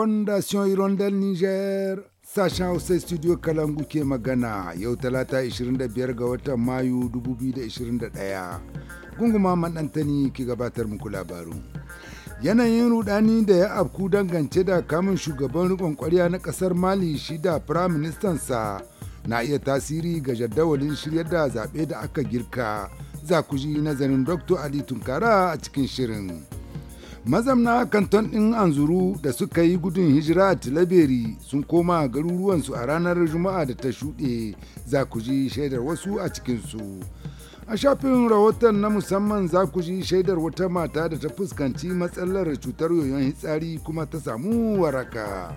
Fondation Hirondelle Niger Sasha Hausa Studio Kalangu ke magana yau talata 25 ga watan Mayu 2021. Gunguma maɗantani ki gabatar muku labaru. Yanayin rudani da ya afku dangance da kamun shugaban rikon kwarya na ƙasar Mali shi da sa na iya tasiri ga jadawalin shirya da zaɓe da aka girka za ku ji nazarin Dr. Ali Tunkara a cikin shirin. mazamna kanton ɗin anzuru da suka yi gudun hijira a tilaberi sun koma garuruwansu a ranar juma'a da ta shuɗe za ku ji shaidar wasu a cikinsu a shafin rahoton na musamman za ku ji shaidar wata mata da ta fuskanci matsalar cutar yoyon hitsari kuma ta samu waraka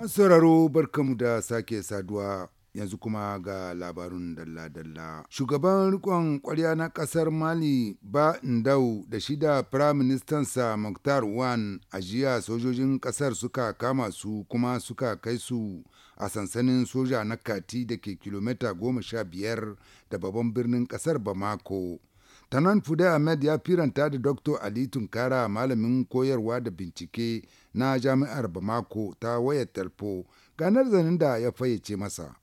masauraro barkamu da sake saduwa yanzu kuma ga labarun dalla-dalla. Shugaban rikon kwarya na kasar Mali ba Ndau da shida firaministansa Mokhtar Wan a jiya sojojin kasar suka kama su kuma suka kai su a sansanin soja na Kati da ke kilomita goma sha biyar da babban birnin kasar Bamako. Tanan Fude Ahmed ya firanta da Dr. Ali Tunkara malamin koyarwa da bincike na jami'ar Bamako ta wayar talfo ganar zanen da ya fayyace masa.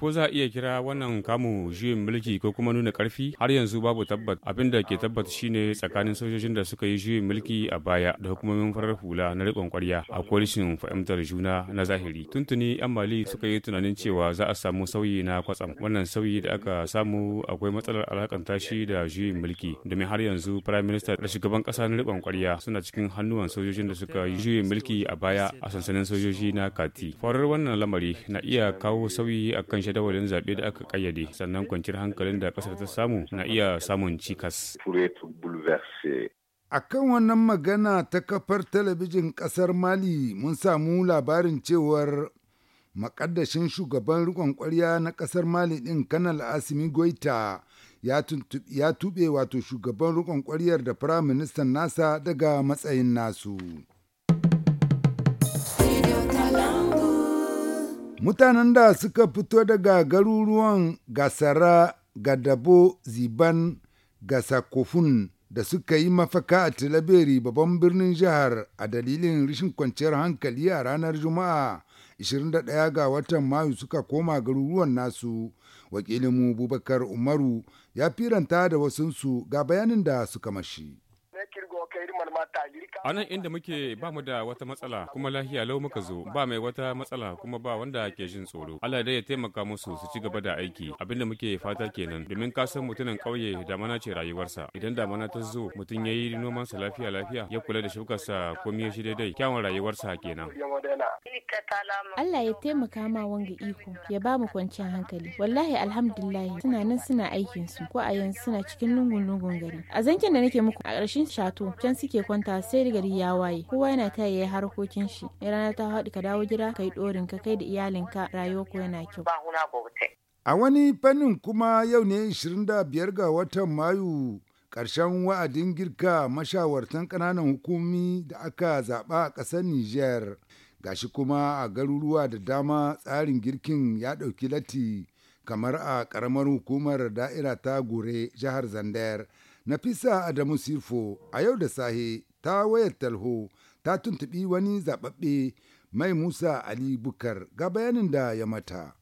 Ko za a iya kira wannan kamu juyin mulki ko kuma nuna karfi har yanzu babu tabbat abin da ke tabbata shine tsakanin sojojin da suka yi juyin mulki a baya da hukumomin farar hula na rikon kwarya a koalishin fahimtar juna na zahiri. Tuntuni 'yan Mali suka yi tunanin cewa za a samu sauyi na kwatsam. Wannan sauyi da aka samu akwai matsalar alakanta shi da juyin mulki domin har yanzu prime Minista da shugaban kasa na rikon kwarya suna cikin hannuwan sojojin da suka yi juyin mulki a baya a sansanin sojoji na kati farar wannan lamari na iya kawo sauyi a kan shadawalin zaɓe da aka ƙayyade sannan kwanciyar hankalin da ƙasar ta samu na iya samun cikas A kan wannan magana ta kafar talabijin ƙasar Mali mun samu labarin cewar makaddashin shugaban rikon ƙwarya na ƙasar Mali ɗin Kanal Asimi Goita ya tuɓe wato shugaban rikon ƙwaryar da Firaministan nasa daga matsayin nasu. Mutanen da suka fito daga garuruwan Gasara, Gadabo, Ziban, Gasakofun da suka yi mafaka a Tilaberi babban birnin jihar a dalilin rishin kwanciyar hankali a ranar Juma'a 21 ga watan Mayu suka koma garuruwan nasu. Wakilinmu Bubakar Umaru ya firanta da wasunsu ga bayanin da suka mashi. A nan inda muke ba mu da wata matsala kuma lahiya lau muka zo ba mai wata matsala kuma ba wanda ke jin tsoro. Allah dai ya taimaka musu su ci gaba da aiki abinda muke fata kenan domin ka san mutumin kauye damana ce rayuwarsa idan damana ta zo mutum ya yi noman sa lafiya lafiya ya kula da shukarsa komi ya shi daidai kyawun rayuwarsa kenan. Allah ya taimaka ma wanga iko ya ba mu kwanciyar hankali. Wallahi alhamdulillah suna nan suna aikin su ko a yanzu suna cikin lungun lungun gari. A zancen da nake muku a ƙarshen shato can suke kwanta sai gari ya waye kowa yana ta yi harkokin shi in rana ta haɗu ka dawo gida kai ɗorin ka kai da iyalinka rayuwa ko yana kyau a wani fannin kuma yau ne 25 ga watan mayu karshen wa'adin girka mashawartan ƙananan hukumi da aka zaɓa a ƙasar Nijar. Gashi kuma a garuruwa da dama tsarin girkin ya ɗauki lati kamar a karamar hukumar da'ira ta Gure jihar Zandayar Nafisa Adamu Sifo a yau da sahe ta wayar talho ta tuntubi wani zaɓaɓɓe mai Musa Ali Bukar ga bayanin da ya mata.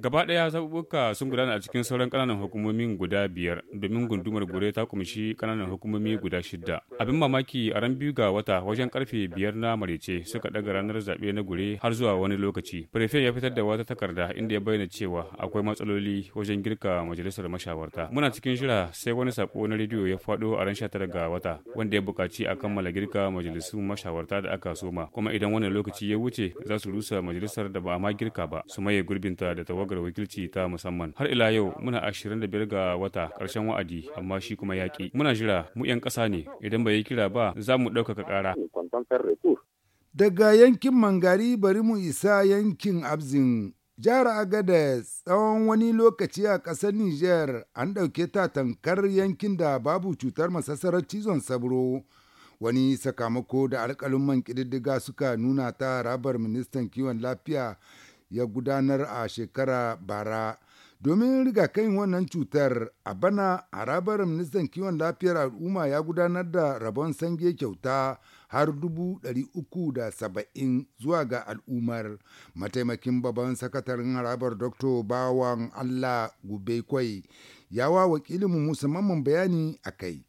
Gaba ɗaya zaɓuɓɓuka sun gudana a cikin sauran ƙananan hukumomin guda biyar domin gundumar gure ta kumshi ƙananan hukumomi guda shida. Abin mamaki a ran biyu ga wata wajen karfe biyar na marece suka ɗaga ranar zaɓe na gure har zuwa wani lokaci. Prefe ya fitar da wata takarda inda ya bayyana cewa akwai matsaloli wajen girka majalisar mashawarta. Muna cikin shira sai wani sako na rediyo ya faɗo a ran tara ga wata wanda ya buƙaci a kammala girka majalisun mashawarta da aka soma kuma idan wani lokaci ya wuce za su rusa majalisar da ba ma girka ba su maye gurbinta da tawagar wakilci ta musamman har ila yau muna biyar ga wata karshen wa'adi amma shi kuma yaƙi muna jira mu 'yan ƙasa ne idan bai yi kira ba za mu ɗaukaka ƙara daga yankin mangari bari mu isa yankin abzin jihar agada tsawon wani lokaci a ƙasar niger an ɗauke ta tankar yankin da babu cutar masassarar cizon sabro wani sakamako da alƙalin ƙididdiga suka nuna ta harabar ministan kiwon lafiya ya gudanar a shekara bara domin rigakafin wannan cutar a bana harabar ministan kiwon lafiyar al'umma ya gudanar da rabon sange kyauta har dubu uku da saba'in zuwa ga al'ummar mataimakin babban sakataren harabar dr bawan allah gube kwai wa wakilinmu musamman bayani a kai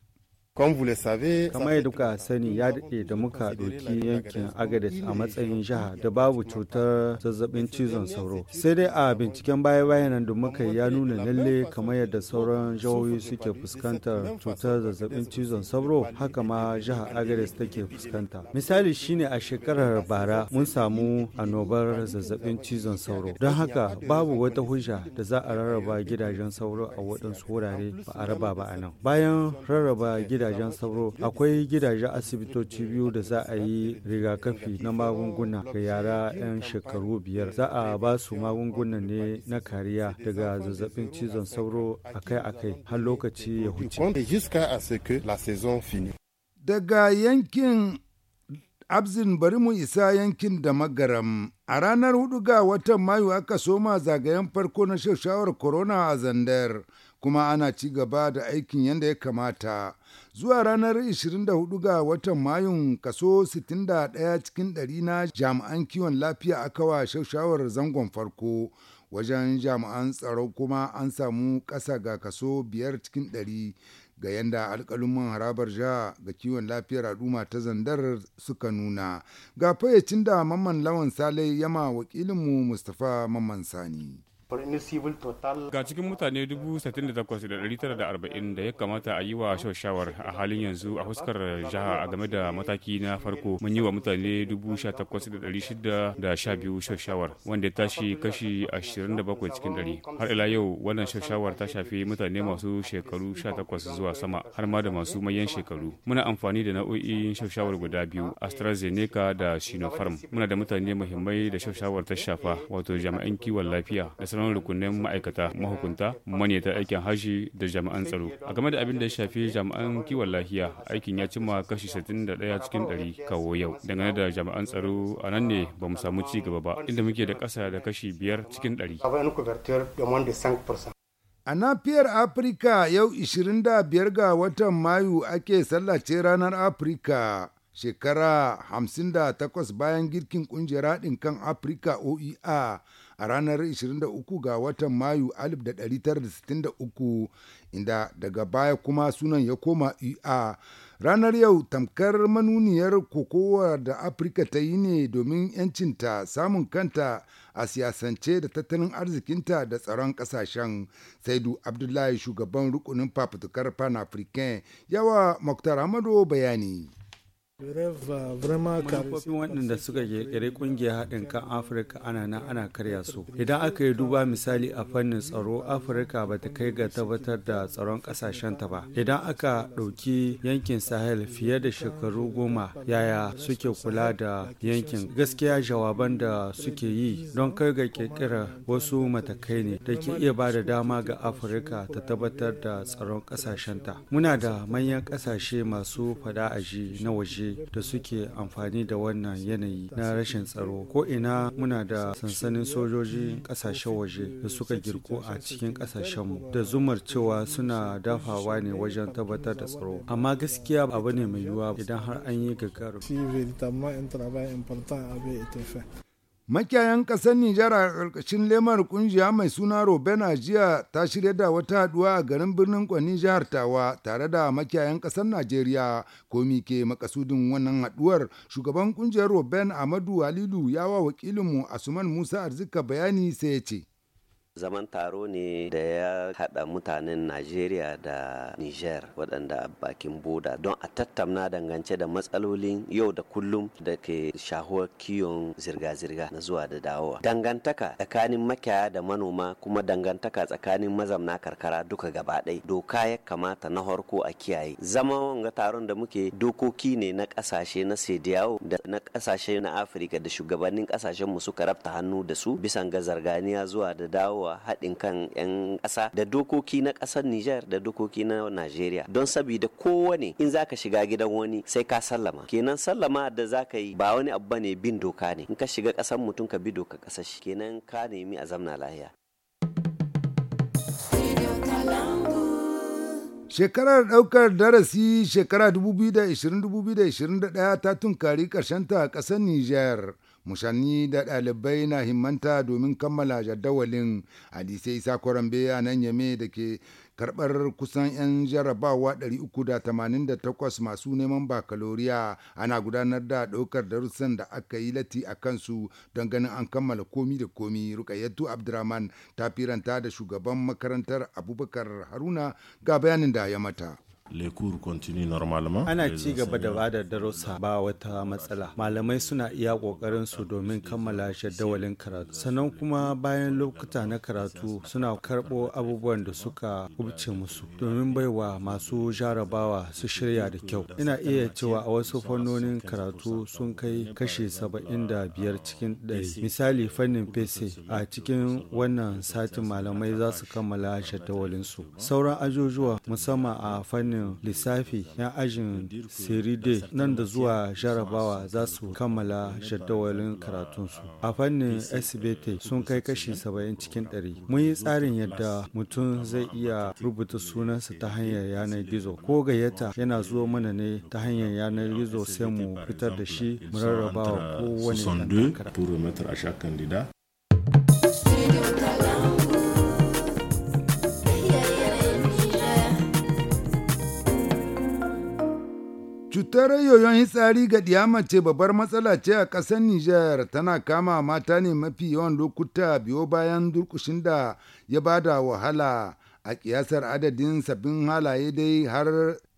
kamar yadda kuka sani ya daɗe da muka ɗauki yankin agadis a matsayin jiha da babu cutar zazzabin cizon sauro sai dai a binciken baya nan da muka ya nuna lalle kamar yadda sauran jihohi suke fuskantar cutar zazzabin cizon sauro haka ma jiha agadis take fuskanta misali shine a shekarar bara mun samu annobar zazzabin cizon sauro don haka babu wata hujja da za a rarraba gidajen sauro a waɗansu wurare ba a raba ba a nan bayan rarraba gidajen gidajen sauro akwai gidajen asibitoci biyu da za a yi rigakafi na magunguna ga yara 'yan shekaru biyar za a ba su magunguna ne na kariya daga zazzabin cizon sauro akai-akai har lokaci ya huce daga yankin abzin bari mu isa yankin da magaram a ranar hudu ga watan mayu aka soma zagayen farko na shawar corona a zandar kuma ana ci gaba da aikin yadda ya kamata. Zuwa ranar 24 ga watan Mayun kaso 61 cikin 100 na jami'an kiwon lafiya aka wa shawarar zangon farko. Wajen jami'an tsaro kuma an samu ƙasa ga kaso 5 cikin 100 ga yadda alƙaluman harabar jiha ga kiwon lafiyar al'umma ta zandar suka nuna ga fayyacin da mamman lawan sale yama wakilinmu mustapha mamman sani Ga cikin mutane 68,940 da ya kamata a yi wa shawar a halin yanzu a fuskar jiha a game da mataki na farko mun yi wa mutane 18,612 shawar wanda ya tashi kashi 27 cikin 100. Har ila yau wannan shawar ta shafi mutane masu shekaru 18 zuwa sama har ma da masu mayan shekaru. Muna amfani da nau'o'in shawar guda biyu AstraZeneca da Sinopharm. Muna da mutane muhimmai da shawar ta shafa wato jami'an kiwon lafiya da sauran rukunin ma'aikata mahukunta ta aikin haji da jami'an tsaro a game da abin da ya shafi jami'an kiwon lafiya aikin ya cimma kashi 61 cikin 100 kawo yau dangane da jami'an tsaro a nan ne ba mu samu ci gaba ba inda muke da ƙasa da kashi 5 cikin 100 A nafiyar Afirka yau 25 ga watan Mayu ake sallace ranar Afirka shekara 58 bayan girkin kungiyar haɗin kan Afirka OEA a ranar 23 ga watan Mayu 1963 inda daga baya kuma sunan ya koma UA. E ranar yau tamkar manuniyar kokowa da Afirka ta yi ne domin 'yancinta samun kanta a siyasance da tattalin arzikinta da tsaron kasashen. Saidu Abdullahi shugaban rukunin fafutukar Pan-African yawa Muktar Hamado bayani. manufofin waɗanda suka ƙirƙiri ƙungiyar haɗin kan afirka ana na ana karya su idan aka yi duba misali a fannin tsaro afirka ba ta kai ga tabbatar da tsaron ƙasashenta ba idan aka ɗauki yankin sahel fiye da shekaru goma yaya suke kula da yankin gaskiya jawaban da suke yi don kai ga ƙirƙirar wasu matakai ne da ke iya ba da dama ga afirka ta tabbatar da tsaron ƙasashenta muna da manyan ƙasashe masu fada aji na waje da suke amfani da wannan yanayi na rashin tsaro ko ina muna da sansanin sojoji kasashen waje da suka girku a cikin kasashenmu da zumar cewa suna dafawa ne wajen tabbatar da tsaro amma gaskiya abu ne mai yiwuwa idan har an yi gagaru Makiyayan ƙasar Nijar a ƙarƙashin lemar ƙungiya mai suna Robena jiya ta shirya da wata haɗuwa a garin birnin Kwani jihar Tawa tare da makiyayan ƙasar Najeriya ko ke makasudin wannan haɗuwar shugaban ƙungiyar Roben Amadu Halilu ya wa wakilinmu Asuman Musa Arzika bayani sai ya ce. zaman taro ne da ya haɗa mutanen najeriya da niger waɗanda a bakin boda don a tattauna dangance da matsalolin yau da kullum da ke shahuwar kiyon zirga-zirga na zuwa da dawowa dangantaka tsakanin makiyaya da manoma kuma dangantaka tsakanin mazamna karkara duka gaba ɗaya doka ya kamata na harko a kiyaye zama wanga taron da muke dokoki ne na ƙasashe na sediyawo da na ƙasashe na afirka da shugabannin ƙasashen mu suka rabta hannu da su bisan ga zarganiya zuwa da dawowa a haɗin kan 'yan ƙasa da dokoki na ƙasar Nijar da dokoki na Najeriya don sabida kowane in zaka shiga gidan wani sai ka sallama kenan sallama da zaka yi ba wani abu bane bin doka ne in ka shiga ƙasar mutum ka bi doka ƙasar shi kenan ka nemi a zamna lahiya Shekarar ɗaukar darasi shekara 2020-2021 ta tunkari karshen ta a ƙasar Nijar. musanni da ɗalibai na himmanta domin kammala jadawalin hadisai isa kwarambe a yame da ke karɓar kusan 'yan jarabawa 388 masu neman bakaloriya ana gudanar da ɗaukar darussan da aka yi lati a kansu don ganin an kammala komi da komi rukayyatu abdurrahman ta firanta da shugaban makarantar abubakar haruna ga bayanin da ya mata lekur continue normalement ana ci gaba da bada darussa ba wata matsala malamai suna iya kokarin su domin kammala jadawalin karatu sannan kuma bayan lokuta na karatu suna karbo abubuwan da suka kubce musu domin baiwa masu jarabawa su shirya da kyau ina iya cewa a wasu fannonin karatu sun kai kashi 75 cikin 100 misali fannin fese a cikin wannan satin malamai za su kammala su sauran ajujuwa musamman a fannin tsarin lissafi 'yan ajin seride nan da zuwa jarabawa za su kammala jadawalin karatunsu a fannin sbt sun kai kashi 70 cikin 100 mun yi tsarin yadda mutum zai iya rubuta sunansa ta hanyar yanar gizo ko gayyata yana zuwa mana ne ta hanyar yanar gizo sai mu fitar da shi mu rarraba wa kowane kandida Cutar yoyon hitsari ga diyama ce babbar matsala ce a ƙasar Nijar tana kama mata ne mafi yawan lokuta biyo bayan durkushin da ya bada wahala a ƙiyasar adadin sabbin halaye dai har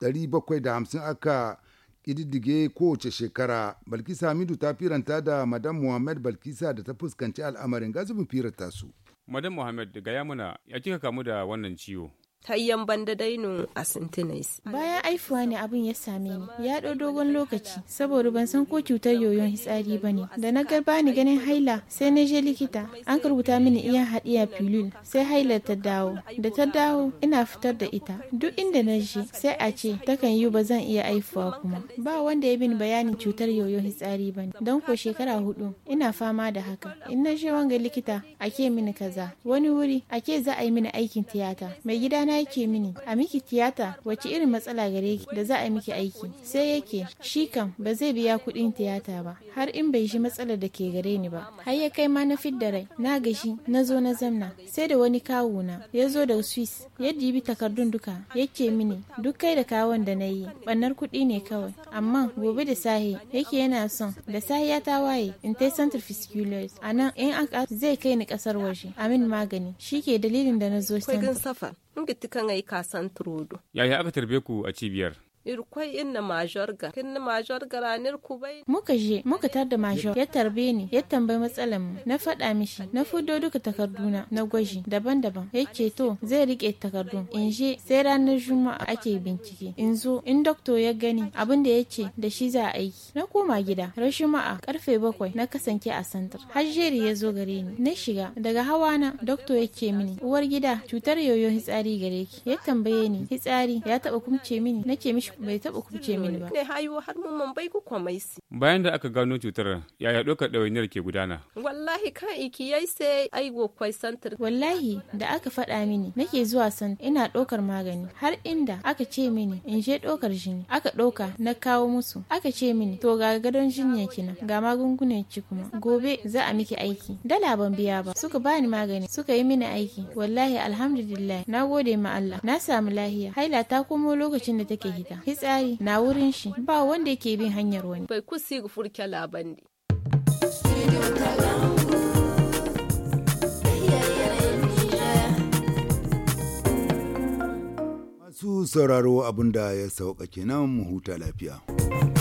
750 aka ƙididdige kowace shekara. Balkisa Hamidu ta firanta da Madam Muhammad Balkisa da ta fuskanci al'amarin gazubin firanta su. Madam Muhammad daga yamuna ya kika kamu da wannan ciwo? ta yan banda dainin a sintinais. Bayan aifuwa ne abin ya same ni, ya ɗau dogon lokaci saboda ban san ko cutar yoyon hitsari ba ne. Da na ga bani ganin haila sai na je likita an rubuta mini iya haɗiya filul sai haila ta dawo. Da ta dawo ina fitar da ita. Duk inda na je sai a ce takan yi ba zan iya aifuwa kuma. Ba wanda ya bin bayanin cutar yoyon hitsari ba ne. Don ko shekara hudu ina fama da haka. In na je wanga likita ake mini kaza. Wani wuri ake za a yi mini aikin tiyata. Mai gidana na yake mini a miki tiyata wace irin matsala gare ki da za a miki aiki sai yake shi kam ba zai biya kuɗin tiyata ba har in bai shi matsalar da ke gare ni ba har ya kai ma na fidda rai na gashi na zo na zamna sai da wani kawo na ya zo daga swiss ya dibi takardun duka yake mini duk kai da kawon da na yi ɓannar kuɗi ne kawai amma gobe da sahi yake yana son da sahi ya ta waye in tai central fisculars a nan in aka zai kai ni kasar waje amin magani shi ke dalilin da na zo Ngitti kan ayi kasan turodo. Yaya aka tarbe ku a cibiyar? irkwai inna majorga kinna majorga ranar kubai muka je muka tar da major ya tarbe ni ya tambayi matsalar mu na faɗa mishi na fudo duka takarduna na gwaji daban-daban yake to zai rike takardu in je sai ranar juma'a ake bincike in zo in doctor ya gani abin da yake da shi za a aiki na koma gida rashin ma'a karfe bakwai na kasance a santar hajjeri ya zo gare ni na shiga daga hawa na doktor yake mini uwar gida cutar yoyo hitsari gare ki ya tambaye ni hitsari ya taba kumce mini nake mishi bai taɓa kuce mini ba. Ne hayo har mun man bai kuka mai si. Bayan da aka gano cutar yaya ɗaukar ɗawainiyar ke gudana? Wallahi kan iki yai sai ai go kwai santar. Wallahi da aka faɗa mini nake zuwa san ina ɗaukar magani har inda aka ce mini in je ɗaukar jini aka ɗauka na kawo musu aka ce mini to ga gadon jini ya kina ga magungunan ki kuma gobe za a miki aiki dala ban biya ba suka bani magani suka yi mini aiki wallahi alhamdulillah na gode ma Allah na samu lahiya haila ta komo lokacin da take hita hitsari na wurin shi ba wanda ke bin hanyar wani bai kusi gufurke labandi masu sauraro abinda ya sauka kenan mu huta lafiya